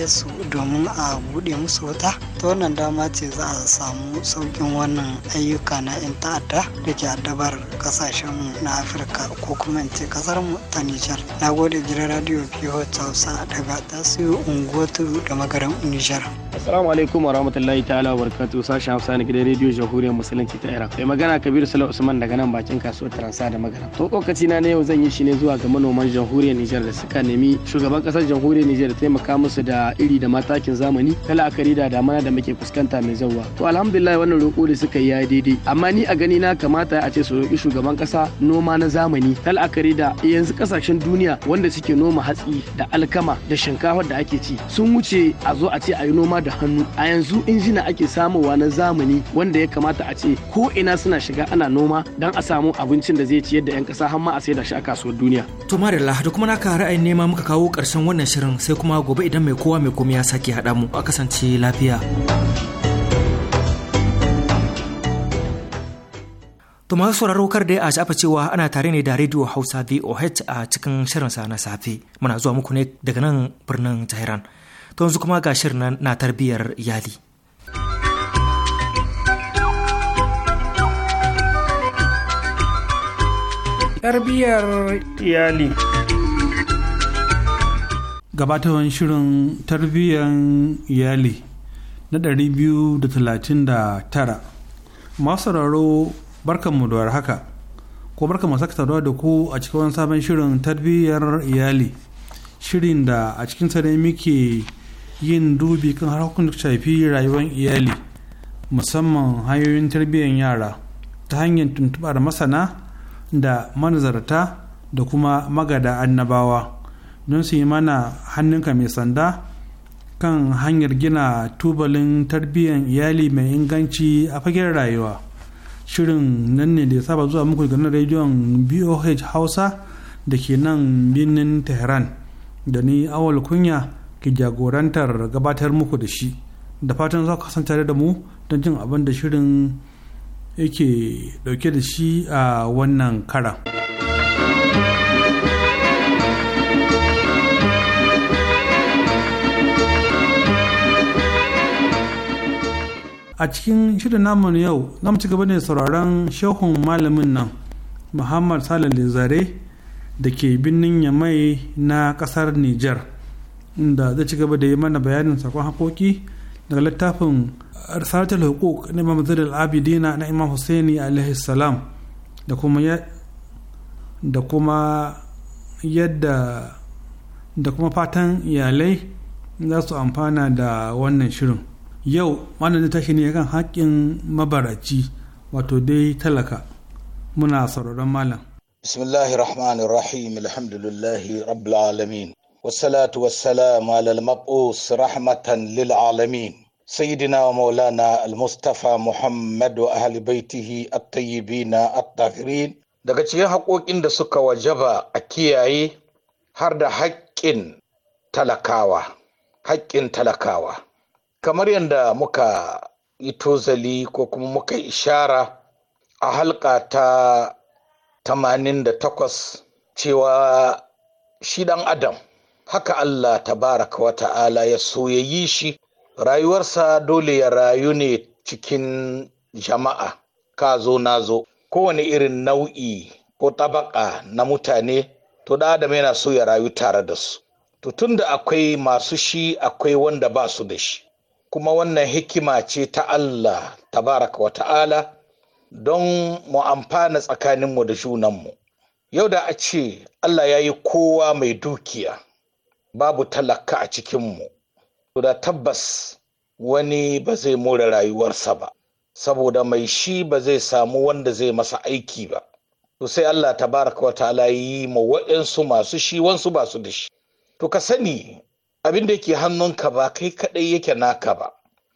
su domin a buɗe musu wuta ta wannan dama ce za a samu saukin wannan ayyuka na 'yan ta'adda da ke addabar kasashen na afirka ko kuma in ce mu ta nijar na gode gidan radio ta hausa daga tasiri unguwa da magaran nijar Assalamu alaikum wa rahmatullahi ta'ala wa barakatu sashen Hausa na gidan rediyo Jamhuriyar Musulunci ta Iraq. Mai magana Kabir Sala Usman daga nan bakin kasuwar Taransa da Magana. To kokaci na yau zan yi shi ne zuwa ga manoman Jamhuriyar Nijar da suka nemi shugaban kasar Jamhuriyar Nijar da taimaka musu da iri da matakin zamani kala akari da damana da muke fuskanta mai zauwa to alhamdulillah wannan roƙo da suka yi ya daidai amma ni a gani na kamata a ce su roƙi shugaban ƙasa noma na zamani tal'akari da yanzu kasashen duniya wanda suke noma hatsi da alkama da shinkafa da ake ci sun wuce a zo a ce a yi noma da hannu a yanzu injina ake samowa na zamani wanda ya kamata a ce ko ina suna shiga ana noma don a samu abincin da zai ciyar da 'yan ƙasa har ma a saida shi a kasuwar duniya. to marilla da kuma naka ra'ayin nema muka kawo ƙarshen wannan shirin sai kuma gobe idan mai kowa mai komai ya sake haɗa mu a kasance lafiya. To masu sauraro kar dai a shafa cewa ana tare ne da Radio Hausa VOH a cikin shirin sa na safe. Muna zuwa muku ne daga nan birnin Tehran. To yanzu kuma ga shirin na tarbiyyar iyali. Tarbiyyar iyali. Gabatawan shirin tarbiyyar iyali. na 239 masu raro talatin da haka ko barkanmu saka saduwa da ku a cikin wani sabon shirin tarbiyyar iyali shirin da a cikin ne muke yin dubi kan harkokin da shafi rayuwar iyali musamman hanyoyin tarbiyyar yara ta hanyar tuntubar masana da manazarta da kuma magada annabawa don su yi mana hannunka mai sanda kan hanyar gina tubalin tarbiyyar iyali mai inganci a fagen rayuwa shirin nan ne da ya saba zuwa muku ganin rediyon boh hausa da ke nan birnin tehran da ni awal kunya ke jagorantar gabatar muku da shi da fatan za ku kasance da mu don jin abin da shirin yake dauke da shi a wannan karan. a cikin shirin namun yau za mu ci gaba ne sauraron shehun malamin nan muhammad salih zare da ke birnin yamai na kasar niger inda zai ci gaba da yi mana bayanin sakon hakoki daga littafin risalatul hukuk na imam zaid abidina na imam husaini alaihi salam da kuma fatan iyalai za su amfana da wannan shirin yau wannan tashi ne kan haƙƙin mabaraci wato dai talaka muna sauraron malam bismillahi rahmanir rahim alhamdulillahi rabbil alamin wasalatu wassalamu ala al-mab'us rahmatan lil alamin سيدنا ومولانا المصطفى محمد ahli baitihi attayibina الطاهرين daga cikin haƙoƙin da suka wajaba a kiyaye har da haƙƙin talakawa haƙƙin talakawa kamar yadda muka yi tozali ko kuma muka ishara a halka ta 88 cewa shi ɗan adam haka Allah Ta baraka wa ta'ala ya soyayi shi rayuwarsa dole ya rayu ne cikin jama'a ka zo na zo kowane irin nau'i ko tabaka na mutane to da adam yana so ya rayu tare da su to tunda akwai masu shi akwai wanda ba su da shi kuma wannan hikima ce ta Allah tabaraka wa ta'ala don mu amfana tsakaninmu da junanmu yau da a ce Allah ya yi kowa mai dukiya babu talaka a cikinmu to da tabbas wani ba zai more rayuwarsa ba saboda mai shi ba zai samu wanda zai masa aiki ba to sai Allah tabaraka wa ta'ala yi ma waɗansu masu shi wansu ba su da shi to ka sani abin da ke hannunka ba kai kaɗai yake naka ba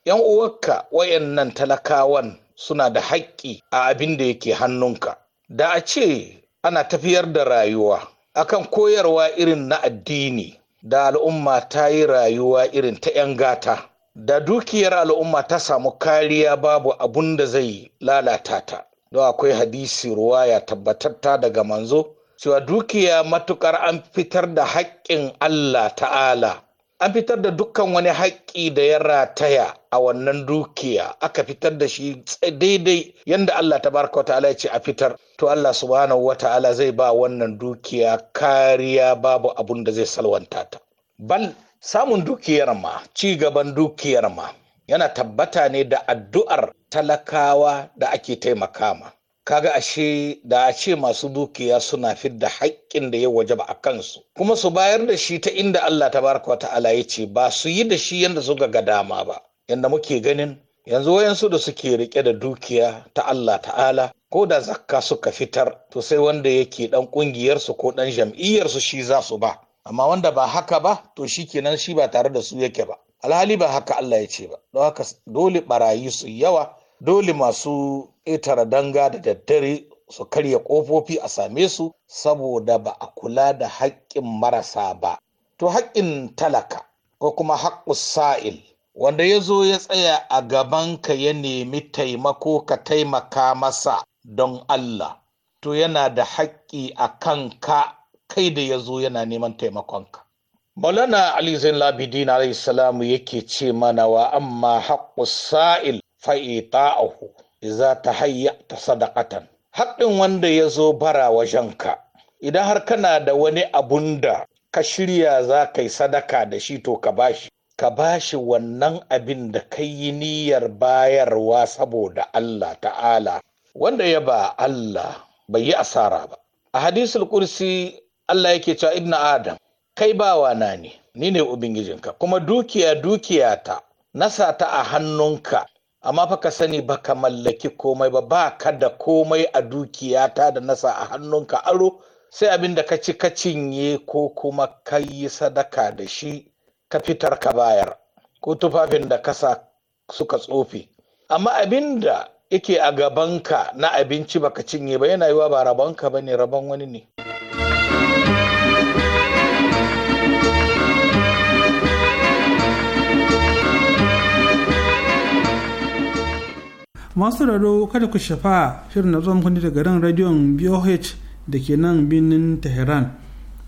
yan uwarka wayannan talakawan suna da haƙƙi a abin da yake hannunka da a ce ana tafiyar da rayuwa akan koyarwa irin na addini da al'umma ta yi rayuwa irin ta 'yan gata da dukiyar al'umma ta samu kariya babu abun da zai lalata ta don akwai hadisi ruwaya tabbatatta daga manzo cewa dukiya matukar an fitar da haƙƙin Allah ta'ala an fitar da dukkan wani haƙƙi da ya rataya a wannan dukiya aka fitar da shi daidai yadda Allah ta baraka wa ta'ala ya ce a fitar to Allah subhanahu wa ta'ala zai ba wannan dukiya kariya babu abun da zai salwanta ta bal samun dukiyar ma ci gaban dukiyar ma yana tabbata ne da addu'ar talakawa da ake taimaka ma kaga ashe da a ce masu dukiya suna fidda haƙƙin da ya waje ba a kansu kuma su bayar da shi ta inda Allah Ta wa ta'ala ya ce ba su yi da shi yadda suka ga dama ba Yadda muke ganin yanzu wayansu da suke rike da dukiya ta Allah ta'ala ko da zakka suka fitar to sai wanda yake dan kungiyarsu ko dan jam'iyyarsu shi za su ba amma wanda ba haka ba to shi kenan shi ba tare da su yake ba alhali ba haka Allah ya ce ba don haka dole barayi su yawa dole masu ƙetare danga da daddare su karya ƙofofi a same su saboda ba a kula da haƙƙin marasa ba. To haƙƙin talaka ko kuma haƙƙus sa'il wanda ya zo ya tsaya a gaban ka ya nemi taimako ka taimaka masa don Allah. To yana da haƙƙi a kan ka kai da ya zo yana neman taimakonka. Maulana Ali Zain Labidin alayhi salamu yake ce mana wa amma haƙƙus sa'il fa'ita'ahu. iza ta hayya ta sadakatan haƙƙin wanda ya zo bara ka. idan har kana da wani abun da ka shirya za ka yi sadaka da shi to ka bashi ka bashi wannan abin da ka yi niyyar bayarwa saboda Allah ta'ala wanda ya ba Allah bai yi asara ba a hadisul kursi Allah yake cewa ibnu adam kai bawa na ne ni ne ubangijinka kuma dukiya dukiya dukiyata nasa ta a hannunka amma fa ka sani ba ka mallaki komai ba ba ka da komai a dukiyata da nasa a hannunka aro sai abin da ka ci ka cinye ko kuma ka yi sadaka da shi ka fitar ka bayar ko tufafin da ka sa suka tsofi amma abin da yake a gabanka na abinci ba ka cinye ba yana yiwa ba rabonka ba ne rabon wani ne. masu raro kada ku shafa shirin na tsohon kundi daga ran radiyon boh da ke nan birnin tehran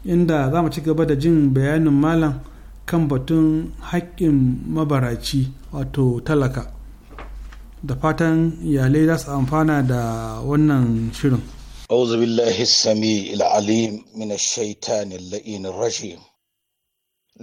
inda za mu ci gaba da jin bayanin malam kan batun haƙƙin mabaraci wato talaka da fatan iyalai za su amfana da wannan shirin أعوذ بالله السميع العليم من الشيطان اللئين الرجيم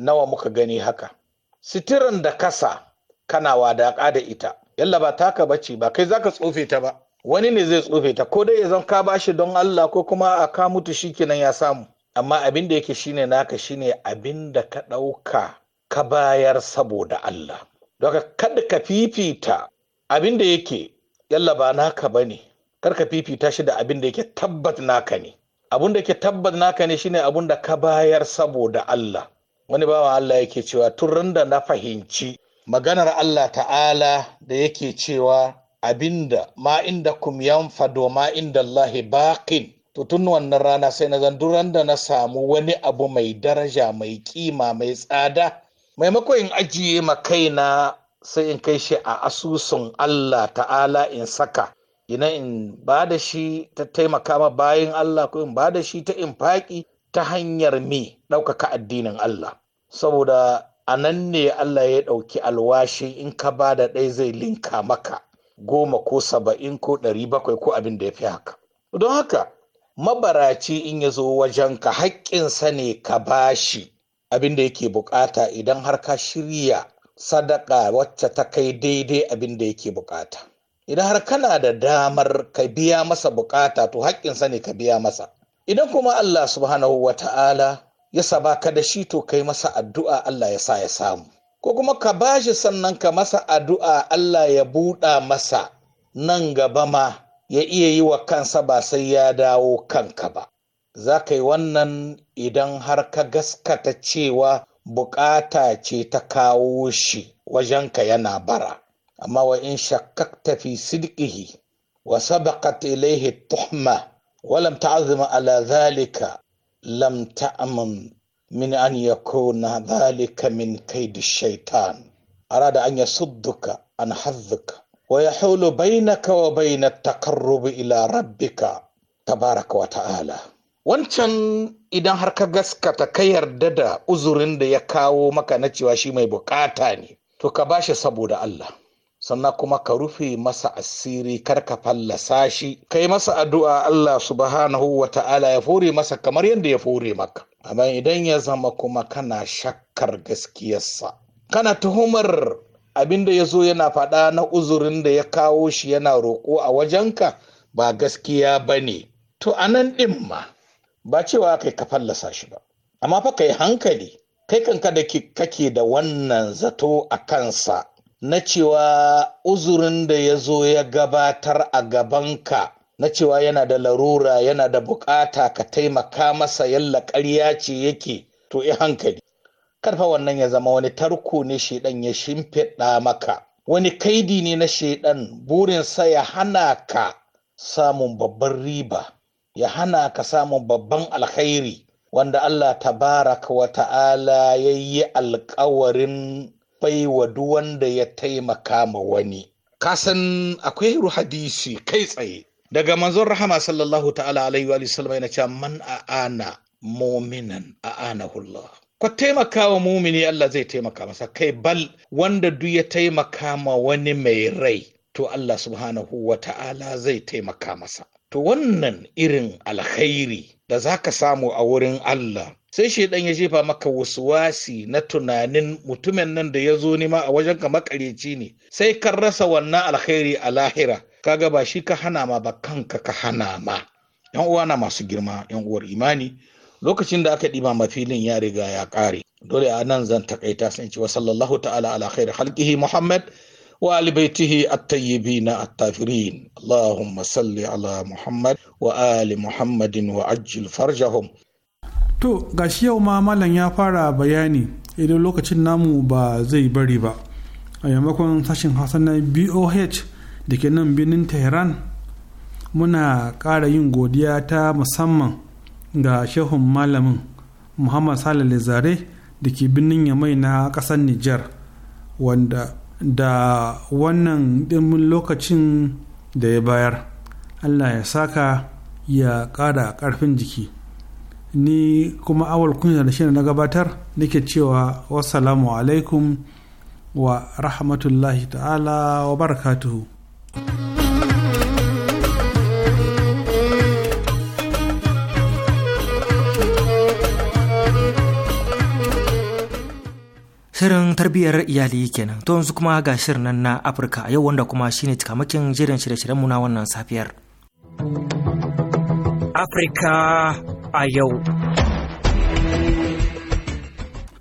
nawa muka gani haka sitiran da kasa kana wadaƙa da ita yalla ba taka bacci ba kai zaka tsofe ta ba wani ne zai tsofe ta ko dai ya zan ka bashi don Allah ko kuma a ka mutu shikenan ya samu amma abin da yake shine naka shine abin da ka ɗauka ka bayar saboda Allah daga kada ka fifita abin da yake yalla ba naka bane kar ka fifita shi da abin da yake tabbat naka ne abin da yake tabbat naka ne shine abin da ka bayar saboda Allah wani bawan Allah yake cewa tun da na fahimci maganar Allah ta'ala da yake cewa abinda ma inda kum yanfado ma inda Allah baqin to tun wannan rana sai na zan duran da na samu wani abu mai daraja mai kima mai tsada maimakon in ajiye ma kaina sai in kai shi a asusun Allah ta'ala in saka ina in ba da shi ta taimaka ma bayan Allah ko in ba da shi ta infaki ta hanyar me ɗaukaka addinin Allah saboda a nan ne Allah ya ɗauki alwashi in ka ba da ɗaya zai linka maka goma ko saba'in ko ɗari bakwai ko abin da ya fi haka. Don haka mabaraci in ya zo wajen wajenka haƙƙinsa ne ka bashi abin da yake buƙata idan har ka shirya sadaka wacce ta kai daidai abin da yake buƙata. Idan har kana da damar ka biya masa buƙata to haƙƙinsa ne ka biya masa. Idan kuma Allah subhanahu wa ta'ala ya saba ka da shi to kai masa addu'a Allah ya sa ya samu ko kuma ka bashi sannan ka masa addu'a Allah ya buɗa masa nan gaba ma ya iya yi wa kansa ba sai ya dawo kanka ba za ka yi wannan idan har ka gaskata cewa bukata ce ta kawo shi wajen ka yana bara amma wa in shakkakta fi sidqihi wa sabaqat ilayhi tuhma walam ta'zima ala zalika lam ta'amam min an yakuna dhalika min kaidi shaitan arada an sudduka, an hazzika wa yahulu bainaka wa baina at ila rabbika tabaraka wa ta'ala wancan idan har ka gaskata ka yarda da uzurin da ya kawo maka na cewa shi mai bukata ne to ka bashi saboda Allah sannan kuma ka rufe masa asiri kar ka fallasa shi kai masa addu'a Allah subhanahu wa ta'ala ya fure masa kamar yadda ya fure maka amma idan ya zama kuma kana shakkar gaskiyarsa kana tuhumar abin da ya zo yana faɗa na uzurin da ya kawo shi yana roƙo a wajenka ba gaskiya ba ne to a nan ɗin ma ba cewa kai ka fallasa shi ba amma fa kai hankali kai kanka da kake da wannan zato a kansa na cewa uzurin da ya zo ya gabatar a gabanka na cewa yana da larura yana da bukata ka taimaka masa yalla ƙarya ce yake to i hankali karfa wannan ya zama wani tarko ne shaidan ya shimfiɗa maka wani kaidi ne na shaidan burinsa ya hana ka samun babban riba ya hana ka samun babban alkhairi wanda Allah tabaraka wa ta'ala ya yi alkawarin bai wa wanda ya taimaka ma wani kasan akwai hadisi kai tsaye daga manzon rahama sallallahu ta'ala alaihi wa sallama yana cewa man a'ana muminan ana Allah Ko taimaka wa mumini Allah zai taimaka masa kai bal wanda duk ya taimaka ma wani mai rai to Allah subhanahu wa ta'ala zai taimaka masa to wannan irin alkhairi da za ka samu a wurin Allah sai shaidan ya jefa maka wasu wasi na tunanin mutumin nan da ya zo nema a wajen ka makareci ne sai ka rasa wannan alkhairi a lahira kaga ba shi ka hana ma ba kanka ka hana ma yan uwa na masu girma yan uwar imani lokacin da aka ɗiba ma filin ya riga ya ƙare dole a nan zan takaita sun ce wa sallallahu ta'ala ala khairi halqihi muhammad at-tafirin allahumma salli salli muhammad wa ali Muhammadin wa ajil farjahum to gashi yau ma malam ya fara bayani idan lokacin namu ba zai bari ba a yammakon sashen hausa na boh da ke nan birnin tehran muna ƙara yin godiya ta musamman ga shehun malamin muhammad salale zare da ke birnin yamai na ƙasar nijar wanda da wannan ɗimin lokacin da ya bayar allah ya saka ya ƙara ƙarfin jiki ni kuma awal kunya da shi na gabatar nake cewa wassalamu alaikum wa rahmatullahi ta'ala wa barakatuhu Shirin tarbiyyar iyali kenan to yanzu kuma ga shirin nan na Afirka yau wanda kuma shine cikamakin jirin shirye shiryen muna wannan safiyar. Afirka a yau.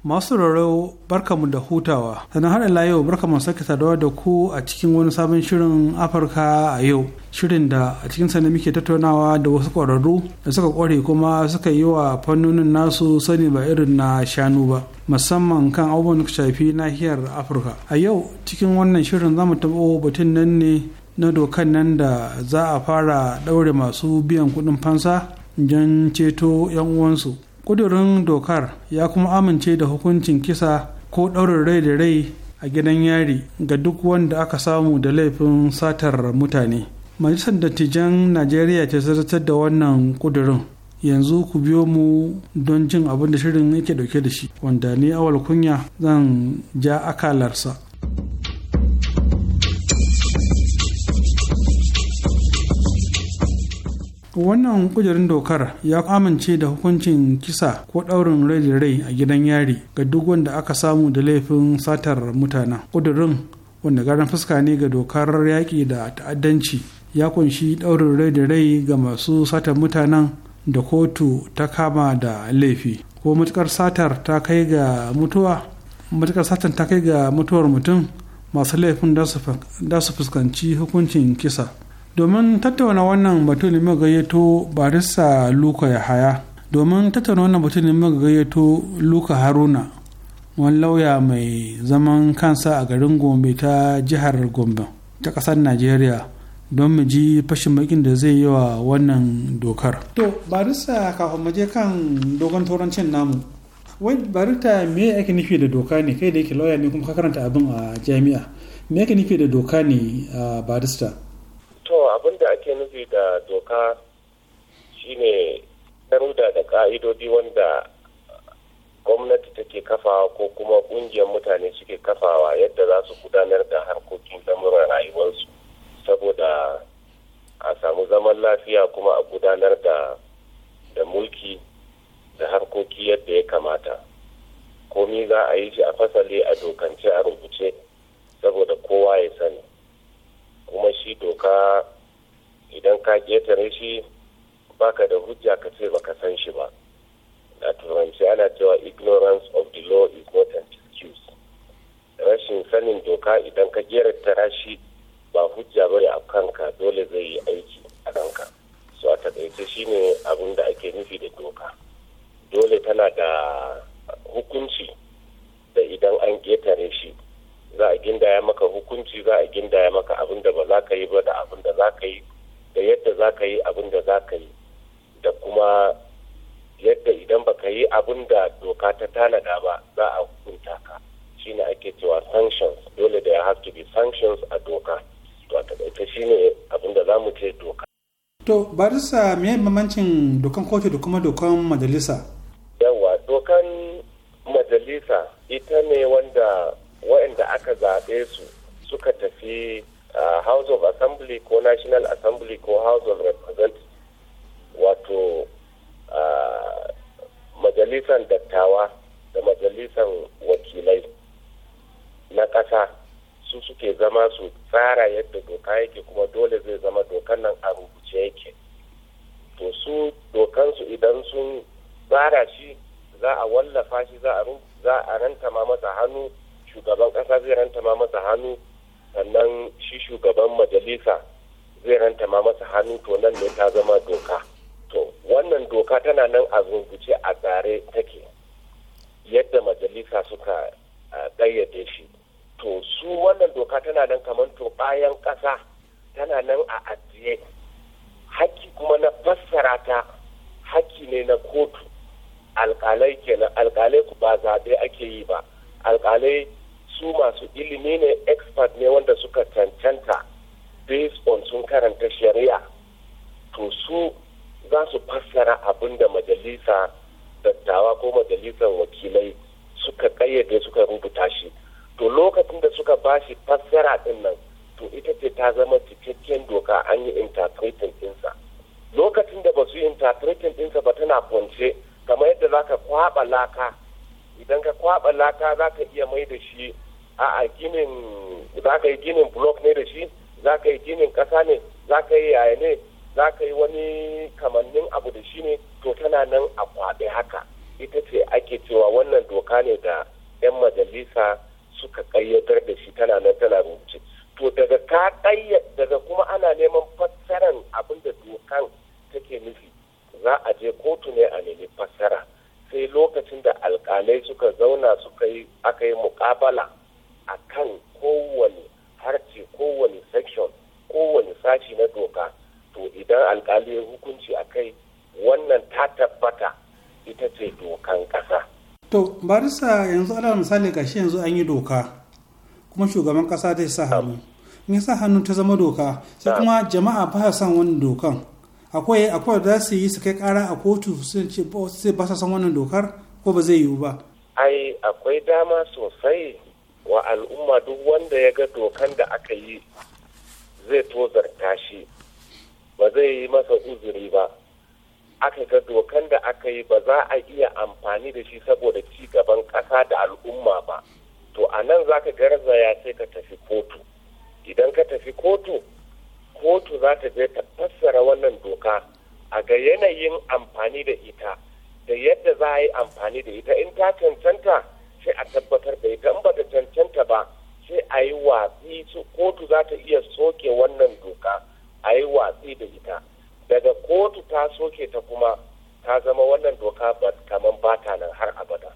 Masu rarau barkamu da hutawa, sannan haɗin layo barkamu sake saduwa da ku a cikin wani sabon shirin Afirka a yau. Shirin da a cikin sani muke tattaunawa da wasu ƙwararru da suka ƙware kuma suka yi wa fannonin nasu sani ba irin na shanu ba. musamman kan abubuwan shafi nahiyar Afirka. A yau cikin wannan shirin zamu taɓo batun nan ne na dokan nan da za a fara ɗaure masu biyan kuɗin fansa don ceto 'yan uwansu ƙudurin dokar ya kuma amince da hukuncin kisa ko ɗaurin rai da rai a gidan yari ga duk wanda aka samu da laifin satar mutane majalisar dattijan najeriya ce zartar da wannan ƙudurin yanzu ku biyo mu don jin abin da shirin yake dauke da shi wanda ni awal kunya zan ja akalarsa wannan kujerun dokar ya amince da hukuncin kisa ko daurin rai da rai a gidan yari ga duk wanda aka samu da laifin satar mutanen kudurin wanda garan fuska ne ga dokar yaƙi da ta'addanci ya kunshi daurin rai da rai ga masu satar mutanen da kotu ta kama da laifi ko matukar satar ta kai ga matukar satar ta kai ga mutuwar mutum masu laifin da su fuskanci hukuncin kisa domin tattauna wannan batun ne gayyato barista luka yahaya domin tattauna wannan batun ne gayyato luka haruna wani lauya mai zaman kansa a garin gombe ta jihar gombe ta ƙasar najeriya don mu ji fashin bakin da zai yi wa wannan dokar to barista kafin mu je kan dogon turancin namu wai barista me ake nufi da doka ne kai da yake lauya ne kuma ka karanta abin a jami'a me ake nufi da doka ne a barista da ake nufi da doka shine ruda da ka'idodi wanda gwamnati take kafawa ko kuma kungiyar mutane suke kafawa yadda za su gudanar da harkokin lamuran rayuwarsu saboda a samu zaman lafiya kuma a gudanar da da mulki da harkoki yadda ya kamata komi za a yi shi a fasali a dokance a rubuce saboda kowa ya sani kuma shi doka idan ka ƙetare shi baka da hujja ka ce baka san shi ba da turanci ana cewa ignorance of the law is not an excuse rashin sanin doka idan ka ƙetare shi ba hujja bane a kanka dole zai yi aiki a kanka so a taƙaice shine abin da ake nufi da doka dole tana da hukunci da idan an ƙetare shi za a gindaya maka hukunci za a gindaya maka abin da ba za ka yi ba da abin da za ka yi da yadda za ka yi abin da za ka yi da kuma yadda idan baka yi abin da doka ta tanada ba za a hukunta ka shine ake cewa sanctions dole da ya have to be sanctions a doka to a takaice shine abin da za mu ce doka to barisa me mamancin dokan kotu da kuma dokan majalisa yawa dokan majalisa ita ne wanda waɗanda aka zaɓe su suka tafi house of assembly ko national assembly ko house of representatives wato majalisar dattawa da majalisar wakilai na ƙasa su suke zama su tsara yadda doka yake kuma dole zai zama dokan nan a rubuce yake to su dokansu idan sun tsara shi za a wallafa shi za a ranta ma masa hannu shugaban ƙasa zai ranta ma masa hannu sannan shi shugaban majalisa zai ranta ma masa hannu to nan ne ta zama doka to wannan doka tana nan a zunguce a tsare take yadda majalisa suka ƙayyade shi to su wannan doka tana nan kamar to bayan ƙasa tana nan a ajiye haƙƙi kuma na fassara ta haƙƙi ne na kotu alƙalai kenan alƙalai ku ba zaɓe ake yi ba alƙalai su masu ilimi ne expert ne wanda suka cancanta based on sun karanta shari'a to su za su fassara abin da majalisa dattawa ko majalisar wakilai suka kayyade suka rubuta shi to lokacin da suka ba shi fassara din nan to ita ce ta zama cikakken doka an yi interpreting dinsa lokacin da ba su yi interpreting dinsa ba tana kwance kamar yadda za ka kwaba laka idan ka kwaba laka za ka iya mai da shi a'a ginin za ka yi ginin block ne da shi za ka yi ginin ƙasa ne za ka yi yaya ne za ka yi wani kamannin abu da shi ne to tana nan a kwaɓe haka ita ce ake cewa wannan doka ne da 'yan majalisa suka ƙayyatar da shi tana nan tana rubuce to daga ka daga kuma ana neman fassaran abin da dokan take nufi za a je kotu ne a nemi fassara sai lokacin da alkalai suka zauna suka yi aka yi mukabala a kan kowane harce kowane section kowane sashi na doka to idan alkali ya hukunci a kai wannan ta tabbata ita ce dokan ƙasa. to barisa yanzu ala misali gashi yanzu an yi doka kuma shugaban ƙasa zai sa hannu in sa hannu ta zama doka sai kuma jama'a ba sa son wannan dokan akwai akwai da su yi su kai kara a kotu sun ce ba sa son wannan dokar ko ba zai yiwu ba ai akwai dama sosai wa al'umma duk wanda ya ga dokan da aka yi zai tozarta shi ba zai yi masa uzuri ba aka ga dokan da aka yi ba za a iya amfani da shi saboda ci gaban ƙasa da al'umma ba to a nan za ka garzaya sai ka tafi kotu idan ka tafi kotu kotu za ta je ta fassara wannan doka a ga yanayin amfani da ita da yadda za a yi amfani da ita in ta cancanta sai a tabbatar bai gamba da cancanta ba sai a yi watsi su kotu za ta iya soke wannan doka a yi watsi da ita daga kotu ta soke ta kuma ta zama wannan doka ba kamar bata nan har abada.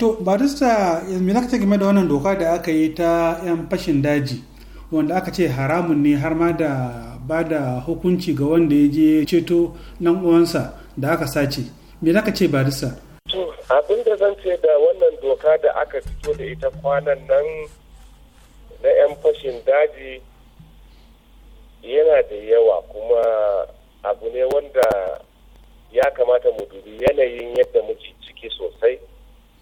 To, barista yanzu na game da wannan doka da aka yi ta 'yan fashin daji wanda aka ce haramun ne har ma da ba da hukunci ga wanda ya je ceto nan uwansa da aka sace me za ka ce ba abin da zan ce da wannan doka da aka fito da ita kwanan nan na 'yan fashin daji yana da yawa kuma abu ne wanda ya kamata mu dubi yanayin yadda muke ciki sosai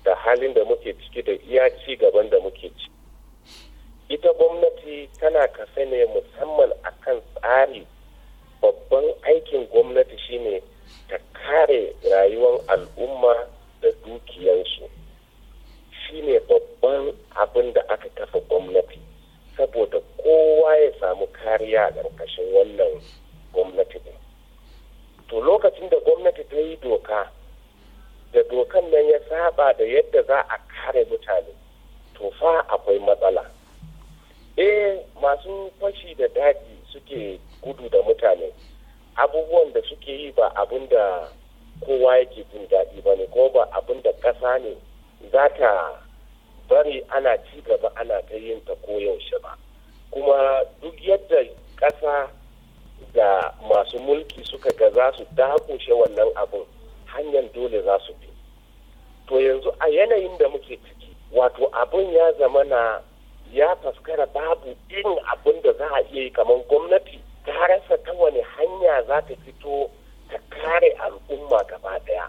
da halin da muke ciki da iya ci gaban da muke ciki ita gwamnati tana kafe ne musamman kan tsari babban aikin gwamnati shine ta kare rayuwar al'umma da dukiyarsu shine babban abin da aka kafa gwamnati saboda kowa ya samu kariya a ƙarƙashin wannan gwamnati ne to lokacin da gwamnati ta yi doka da dokan nan ya saba da yadda za a kare mutane to fa akwai matsala eh masu fashi da daji suke gudu da mutane abubuwan da suke yi ba abin da kowa yake jin daɗi ba ne ko ba abin da ƙasa ne za ta bari ana ci gaba ana ta yin ta koyaushe ba kuma duk yadda ƙasa da masu mulki suka ga za su dakushe wannan abin hanyar dole za su bi to yanzu a yanayin da muke ciki wato abin ya zama na ya faskara babu irin abin da za a iya yi kamar gwamnati ta rasa ta wani hanya za ta fito ta kare al'umma gaba daya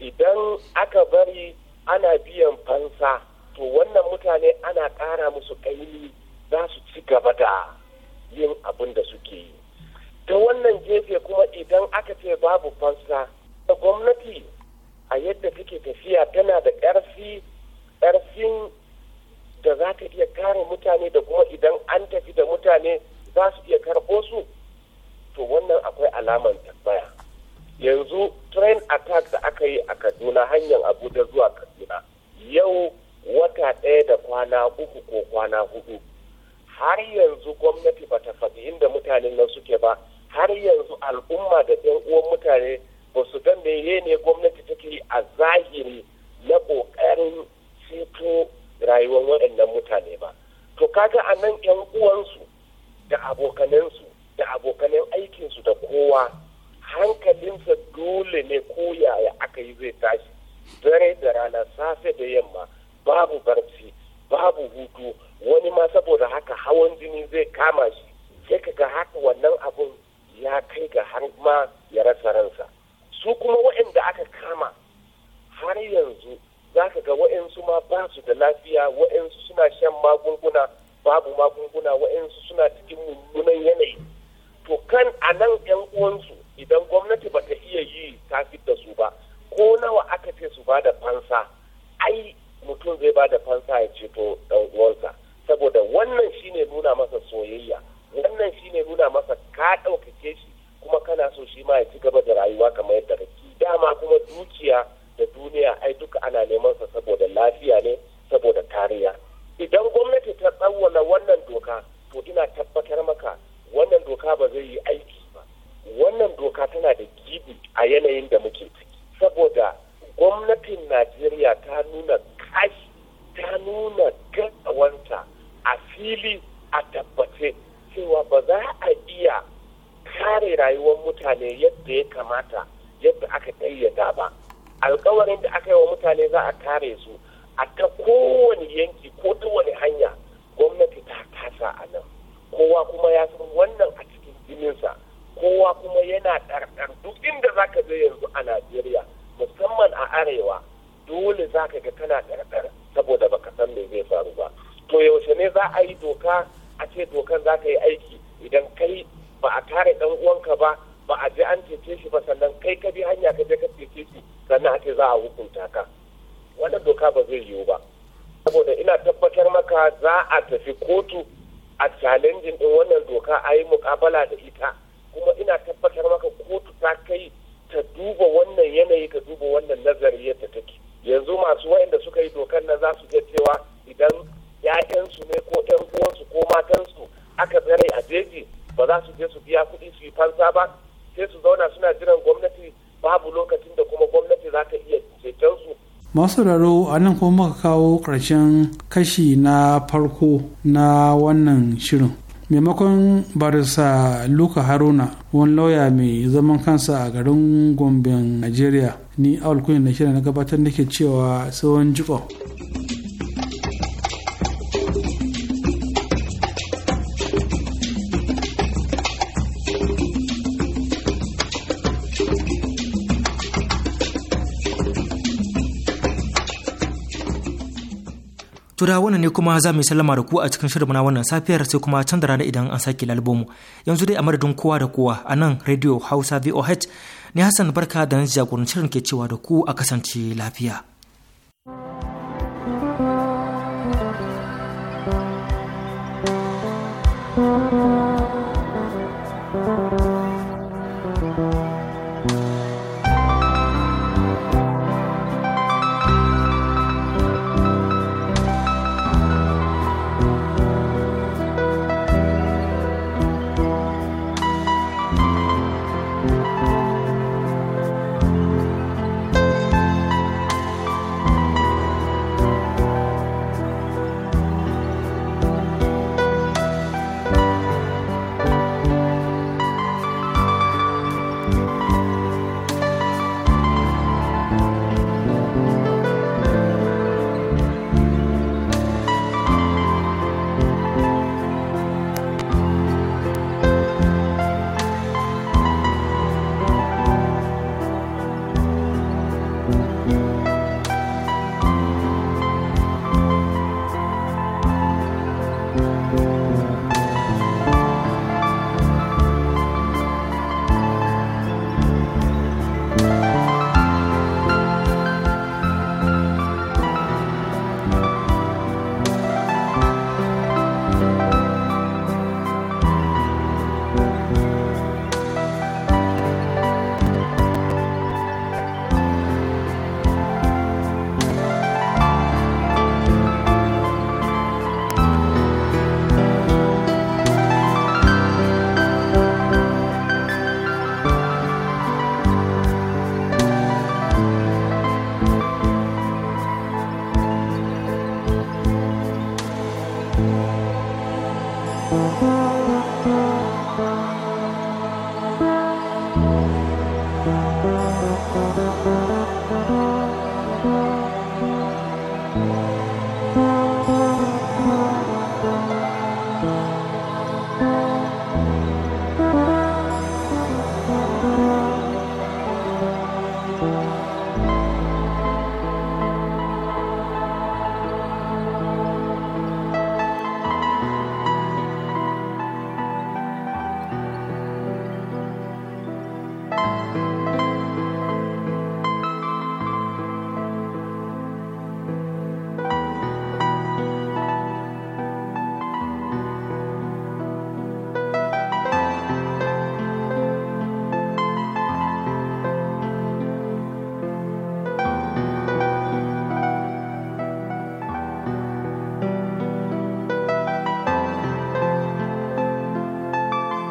idan aka bari ana biyan fansa to wannan mutane ana ƙara musu ƙaimi za su ci gaba da yin abin da suke yi ta wannan gefe kuma idan aka ce babu fansa da gwamnati a yadda take tafiya tana da ƙarfi ƙarfin da za ka iya kare mutane da kuma idan an tafi da mutane za su iya karɓo su to wannan akwai alaman tambaya yanzu train attack da aka yi a kaduna hanyar abuja zuwa kaduna yau wata ɗaya da kwana uku ko kwana hudu har yanzu gwamnati ba ta faɗi inda mutanen nan suke ba har yanzu al'umma da ɗan uwan mutane ba su ga meye ne gwamnati take yi a zahiri na ƙoƙarin ceto rayuwar waɗannan mutane ba to kaga a nan yan uwansu da abokanansu da abokanan aikinsu da kowa hankalinsa dole ne ko yaya aka yi zai tashi dare da rana safe da yamma babu barci babu hutu wani ma saboda haka hawan jini zai kama shi sai ga haka wannan abun ya kai ga har ma ya rasa ransa su kuma waɗanda aka kama har yanzu talakawa ba su da lafiya waɗansu suna shan magunguna babu magunguna waɗansu suna cikin mummunan yanayi to kan a nan 'yan uwansu idan gwamnati ba ta iya yi ta da su ba ko nawa aka ce su ba da fansa ai mutum zai ba da fansa ya ceto ɗan uwansa saboda wannan shine nuna masa soyayya wannan shine nuna masa ka ɗaukake shi kuma kana so shi ma ya ci gaba da rayuwa kamar yadda kake dama kuma dukiya da duniya ai duka ana neman sa saboda lafiya ne saboda kariya idan gwamnati ta tsawwala wannan doka to ina tabbatar maka wannan doka ba zai yi aiki ba wannan doka tana da gibi a yanayin da muke ciki saboda gwamnatin najeriya ta nuna kashi ta nuna gatsawanta a fili a tabbace cewa ba za a iya kare rayuwar mutane yadda ya kamata yadda aka ƙayyada ba alkawarin da aka yi wa mutane za a kare su a ta kowane yanki ko ta wani hanya gwamnati ta kasa a nan kowa kuma ya san wannan a cikin jininsa kowa kuma yana ɗarɗar duk inda za ka je yanzu a najeriya musamman a arewa dole za ka ga tana ɗarɗar saboda baka san me zai faru ba to yaushe ne za a yi doka a ce dokan za ka yi aiki idan kai ba a kare ɗan uwanka ba ba a je an cece shi ba sannan kai ka bi hanya ka je ka cece shi sannan a ce za a hukunta ka wannan doka ba zai yiwu ba saboda ina tabbatar maka za a tafi kotu a challenging din wannan doka a yi mukabala da ita kuma ina tabbatar maka kotu ta kai ta duba wannan yanayi ka duba wannan nazari yadda take yanzu masu wayanda suka yi dokar na za su ga cewa idan ‘ya'yansu ne ko ɗan uwansu ko matansu aka tsare a jeji ba za su je su biya kuɗi su yi fansa ba sai su zauna suna jiran gwamnati babu lokacin da kuma gwamnati za ta iya ceton su masu raro a nan kuma muka kawo ƙarshen kashi na farko na wannan shirin maimakon barisa luka haruna wani lauya mai zaman kansa a garin gombe nigeria ni alkuyin da shirin na gabatar nake cewa tsawon jikon. To da wannan ne kuma za mu sallama da ku a cikin shirin na wannan safiyar sai kuma can da rana idan an sake lalbomu. Yanzu dai a madadin kowa da kowa a nan Radio Hausa VOH ne Hassan Barka da jagorancin ke cewa da ku a kasance lafiya.